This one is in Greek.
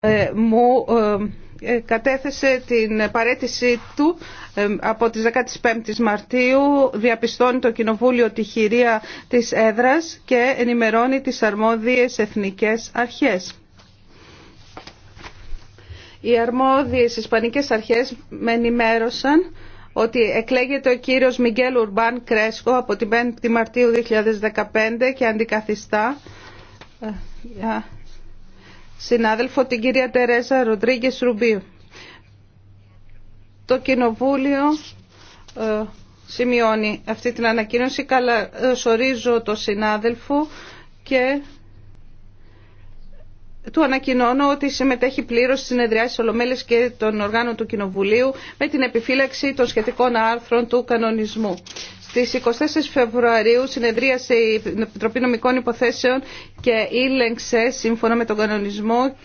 Ε, μου ε, ε, κατέθεσε την παρέτησή του από τις 15 Μαρτίου, διαπιστώνει το Κοινοβούλιο τη χειρία της έδρας και ενημερώνει τις αρμόδιες εθνικές αρχές. Οι αρμόδιες ισπανικές αρχές με ενημέρωσαν ότι εκλέγεται ο κύριος Μιγγέλ Ουρμπάν Κρέσκο από την 5η Μαρτίου 2015 και αντικαθιστά συνάδελφο την κυρία Τερέζα Ροντρίγκε Ρουμπίου. Το Κοινοβούλιο ε, σημειώνει αυτή την ανακοίνωση. Καλά, ε, σορίζω το συνάδελφο και του ανακοινώνω ότι συμμετέχει πλήρω στι συνεδριάσει Ολομέλεια και των οργάνων του Κοινοβουλίου με την επιφύλαξη των σχετικών άρθρων του κανονισμού. Στις 24 Φεβρουαρίου συνεδρίασε η Επιτροπή Νομικών Υποθέσεων και ήλεγξε σύμφωνα με τον κανονισμό